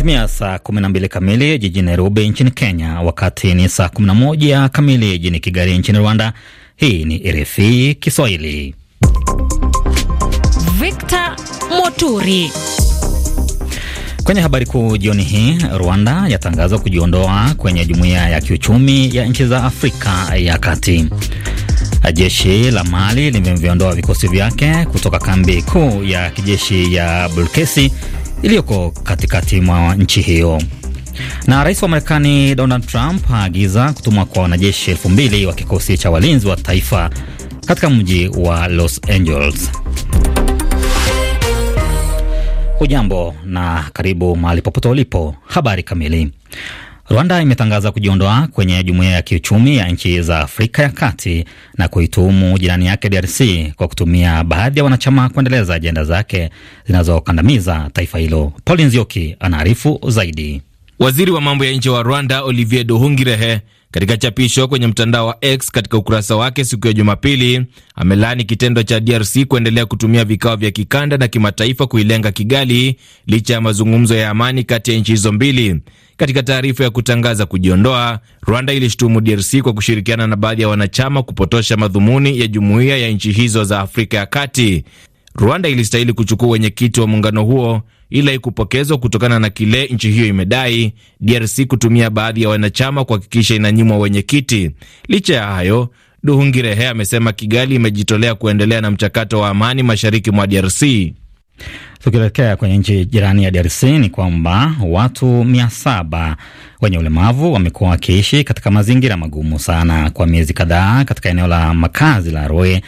Imetimia saa 12 kamili jijini Nairobi nchini Kenya, wakati ni saa 11 kamili jijini Kigali nchini Rwanda. Hii ni RFI Kiswahili. Victor Moturi. Kwenye habari kuu jioni hii, Rwanda yatangaza kujiondoa kwenye jumuiya ya kiuchumi ya nchi za Afrika ya Kati. Jeshi la Mali limeviondoa vikosi vyake kutoka kambi kuu ya kijeshi ya Bulkesi iliyoko katikati mwa nchi hiyo. Na rais wa Marekani Donald Trump aagiza kutumwa kwa wanajeshi elfu mbili wa kikosi cha walinzi wa taifa katika mji wa Los Angeles. Hujambo na karibu mahali popote ulipo. Habari kamili Rwanda imetangaza kujiondoa kwenye jumuiya ya kiuchumi ya nchi za Afrika ya Kati na kuituhumu jirani yake DRC kwa kutumia baadhi ya wanachama kuendeleza ajenda zake zinazokandamiza taifa hilo. Paul Nzioki anaarifu zaidi. Waziri wa mambo ya nje wa Rwanda Olivier duhungirehe katika chapisho kwenye mtandao wa X katika ukurasa wake siku ya Jumapili, amelaani kitendo cha DRC kuendelea kutumia vikao vya kikanda na kimataifa kuilenga Kigali licha ya mazungumzo ya amani kati ya nchi hizo mbili. Katika taarifa ya kutangaza kujiondoa, Rwanda ilishutumu DRC kwa kushirikiana na baadhi ya wanachama kupotosha madhumuni ya jumuiya ya nchi hizo za Afrika ya Kati. Rwanda ilistahili kuchukua wenyekiti wa muungano huo ila ikupokezwa kutokana na kile nchi hiyo imedai DRC kutumia baadhi ya wanachama kuhakikisha inanyimwa wenyekiti. Licha ya hayo, Duhungirehe amesema Kigali imejitolea kuendelea na mchakato wa amani mashariki mwa DRC. Tukielekea kwenye nchi jirani ya DRC ni kwamba watu mia saba wenye ulemavu wamekuwa wakiishi katika mazingira magumu sana kwa miezi kadhaa katika eneo la makazi la Roe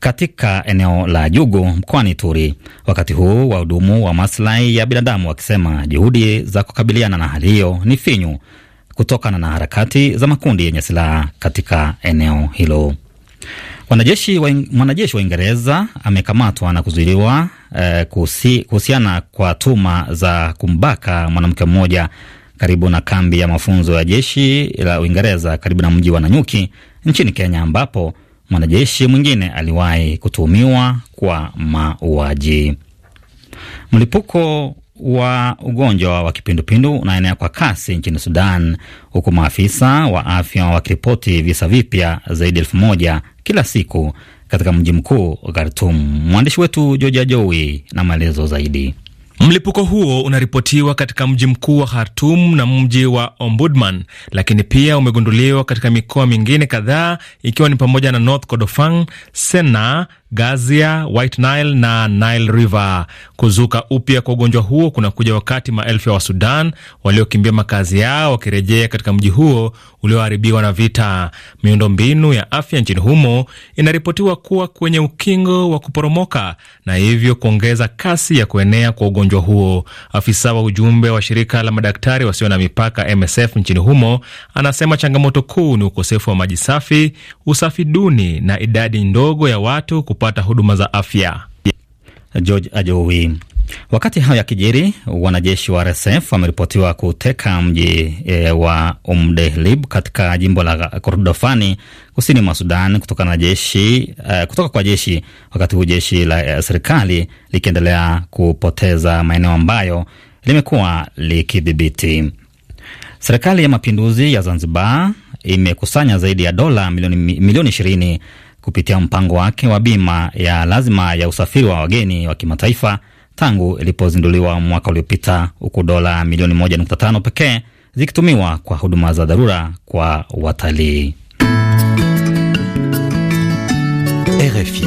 katika eneo la Jugu mkoani Turi, wakati huu wahudumu wa maslahi ya binadamu wakisema juhudi za kukabiliana na hali hiyo ni finyu kutokana na harakati za makundi yenye silaha katika eneo hilo. Mwanajeshi wa Uingereza amekamatwa na kuzuiliwa eh, kuhusiana kwa tuma za kumbaka mwanamke mmoja karibu na kambi ya mafunzo ya jeshi la Uingereza karibu na mji wa Nanyuki nchini Kenya ambapo mwanajeshi mwingine aliwahi kutuhumiwa kwa mauaji. Mlipuko wa ugonjwa wa kipindupindu unaenea kwa kasi nchini Sudan, huku maafisa wa afya wakiripoti visa vipya zaidi elfu moja kila siku katika mji mkuu Khartum. Mwandishi wetu Joja Jowi na maelezo zaidi. Mlipuko huo unaripotiwa katika mji mkuu wa Khartum na mji wa ombudman lakini pia umegunduliwa katika mikoa mingine kadhaa ikiwa ni pamoja na North Kordofan, Sena Gazia, White Nile na Nile River. Kuzuka upya kwa ugonjwa huo kunakuja wakati maelfu ya Wasudan waliokimbia makazi yao wakirejea katika mji huo ulioharibiwa na vita. mbinu ya afya nchini humo inaripotiwa kuwa kwenye ukingo wa kuporomoka na hivyo kuongeza kasi ya kuenea kwa ugonjwa huo. Afisa wa ujumbe wa shirika la madaktari wasio na mipaka MSF nchini humo anasema changamoto kuu ni ukosefu wa maji safi, usafi duni na idadi ndogo ya watu kupata huduma za afya. George Ajowi. Wakati hayo yakijiri, wanajeshi wa RSF wameripotiwa kuteka mji e, wa Umdehlib katika jimbo la Kordofani kusini mwa Sudan kutoka, na jeshi, e, kutoka kwa jeshi, wakati huu jeshi la e, serikali likiendelea kupoteza maeneo ambayo limekuwa likidhibiti. Serikali ya mapinduzi ya Zanzibar imekusanya zaidi ya dola milioni milioni ishirini kupitia mpango wake wa bima ya lazima ya usafiri wa wageni wa kimataifa tangu ilipozinduliwa mwaka uliopita, huku dola milioni 1.5 pekee zikitumiwa kwa huduma za dharura kwa watalii. RFI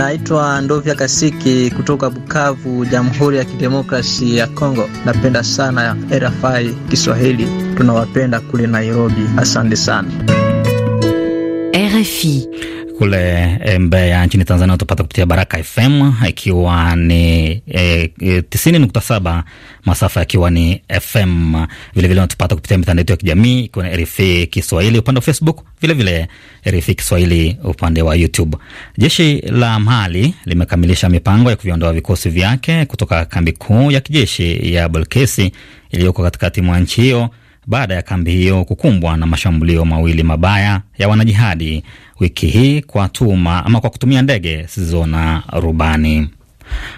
Naitwa Ndovya Kasiki kutoka Bukavu, Jamhuri ya Kidemokrasi ya Kongo. Napenda sana RFI Kiswahili, tunawapenda kule Nairobi. Asante sana RFI kule eh, Mbeya nchini Tanzania utapata kupitia Baraka FM ikiwa ni e, e, tisini nukta saba masafa yakiwa ni FM. Vilevile unatupata kupitia mitandao yetu ya kijamii ikiwa ni RFI Kiswahili upande wa Facebook, vilevile RFI Kiswahili upande wa YouTube. Jeshi la Mali limekamilisha mipango ya kuviondoa vikosi vyake kutoka kambi kuu ya kijeshi ya Bolkesi iliyoko katikati mwa nchi hiyo baada ya kambi hiyo kukumbwa na mashambulio mawili mabaya ya wanajihadi wiki hii kwa tuma ama kwa kutumia ndege zisizo na rubani.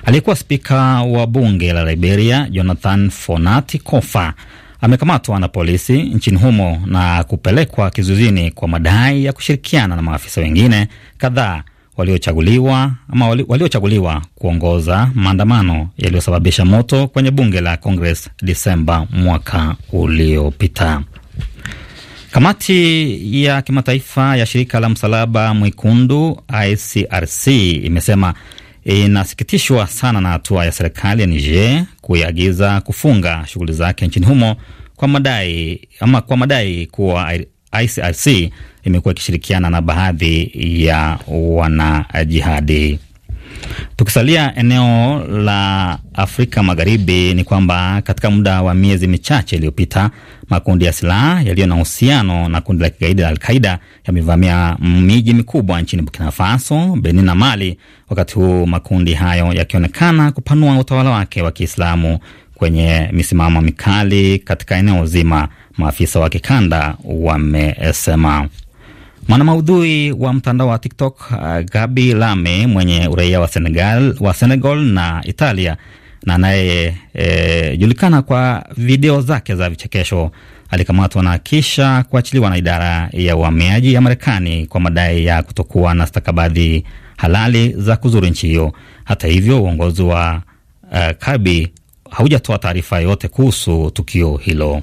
Aliyekuwa spika wa bunge la Liberia Jonathan Fonati Kofa amekamatwa na polisi nchini humo na kupelekwa kizuizini kwa madai ya kushirikiana na maafisa wengine kadhaa waliochaguliwa ama waliochaguliwa kuongoza maandamano yaliyosababisha moto kwenye bunge la Congress Desemba mwaka uliopita. Kamati ya kimataifa ya shirika la msalaba mwekundu ICRC imesema inasikitishwa sana na hatua ya serikali ya Niger kuiagiza kufunga shughuli zake nchini humo kwa madai ama kwa madai kuwa ICRC imekuwa ikishirikiana na baadhi ya wanajihadi. Tukisalia eneo la Afrika Magharibi, ni kwamba katika muda wa miezi michache iliyopita makundi ya silaha yaliyo na uhusiano na kundi la kigaidi la Alqaida yamevamia miji mikubwa nchini Burkina Faso, Benin na Mali, wakati huu makundi hayo yakionekana kupanua utawala wake wa Kiislamu kwenye misimamo mikali katika eneo zima, maafisa wa kikanda wamesema. Mwanamaudhui wa mtandao wa TikTok uh, Gabi Lame mwenye uraia wa Senegal, wa Senegal na Italia na anayejulikana e, kwa video zake za vichekesho alikamatwa na kisha kuachiliwa na idara ya uhamiaji ya Marekani kwa madai ya kutokuwa na stakabadhi halali za kuzuru nchi hiyo. Hata hivyo, uongozi wa uh, Kabi haujatoa taarifa yoyote kuhusu tukio hilo.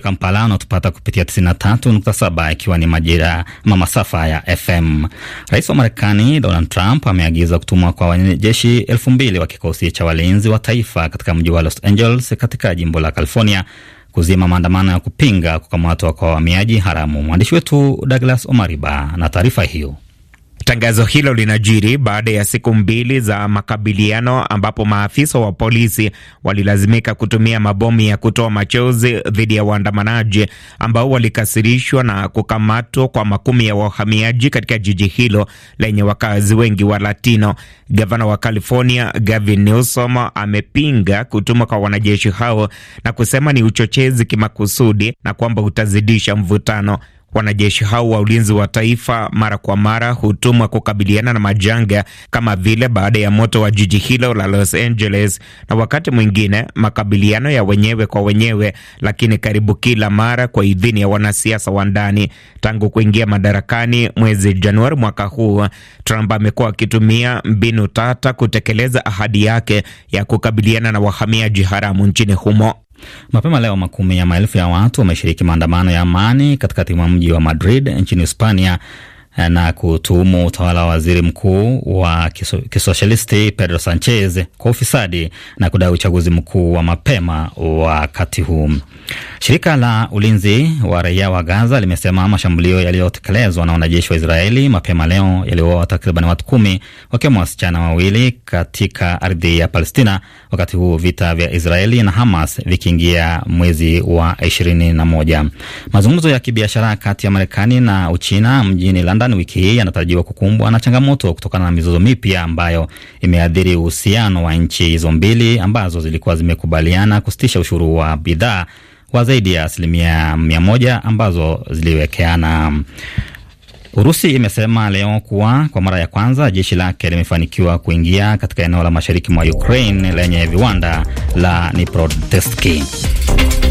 Kampala anatupata kupitia 93.7 ikiwa ni majira ama masafa ya FM. Rais wa Marekani Donald Trump ameagiza kutumwa kwa wanajeshi elfu mbili wa kikosi cha walinzi wa taifa katika mji wa Los Angeles katika jimbo la California kuzima maandamano ya kupinga kukamatwa kwa wahamiaji haramu. Mwandishi wetu Douglas Omariba na taarifa hiyo. Tangazo hilo linajiri baada ya siku mbili za makabiliano ambapo maafisa wa polisi walilazimika kutumia mabomu ya kutoa machozi dhidi ya waandamanaji ambao walikasirishwa na kukamatwa kwa makumi ya wahamiaji katika jiji hilo lenye wakazi wengi wa Latino. Gavana wa California Gavin Newsom amepinga kutumwa kwa wanajeshi hao na kusema ni uchochezi kimakusudi na kwamba utazidisha mvutano. Wanajeshi hao wa ulinzi wa taifa mara kwa mara hutumwa kukabiliana na majanga kama vile baada ya moto wa jiji hilo la Los Angeles, na wakati mwingine makabiliano ya wenyewe kwa wenyewe, lakini karibu kila mara kwa idhini ya wanasiasa wa ndani. Tangu kuingia madarakani mwezi Januari mwaka huu, Trump amekuwa akitumia mbinu tata kutekeleza ahadi yake ya kukabiliana na wahamiaji haramu nchini humo. Mapema leo makumi ya maelfu ya watu wameshiriki maandamano ya amani katikati mwa mji wa Madrid nchini Hispania Eh, na kutuhumu utawala wa waziri mkuu wa kiso, kisoshalisti Pedro Sanchez kwa ufisadi na kudai uchaguzi mkuu wa mapema wakati huu. Shirika la ulinzi wa raia wa Gaza limesema mashambulio yaliyotekelezwa na wanajeshi wa Israeli mapema leo yaliuawa takriban watu kumi wakiwemo wasichana wawili katika ardhi ya Palestina, wakati huu vita vya Israeli na Hamas vikiingia mwezi wa ishirini na moja. Mazungumzo ya kibiashara kati ya Marekani na Uchina mjini London London wiki hii yanatarajiwa kukumbwa na changamoto kutokana na mizozo mipya ambayo imeathiri uhusiano wa nchi hizo mbili ambazo zilikuwa zimekubaliana kusitisha ushuru wa bidhaa wa zaidi ya asilimia mia moja ambazo ziliwekeana. Urusi imesema leo kuwa kwa mara ya kwanza jeshi lake limefanikiwa kuingia katika eneo la mashariki mwa Ukraine lenye viwanda la Dnipropetrovsk.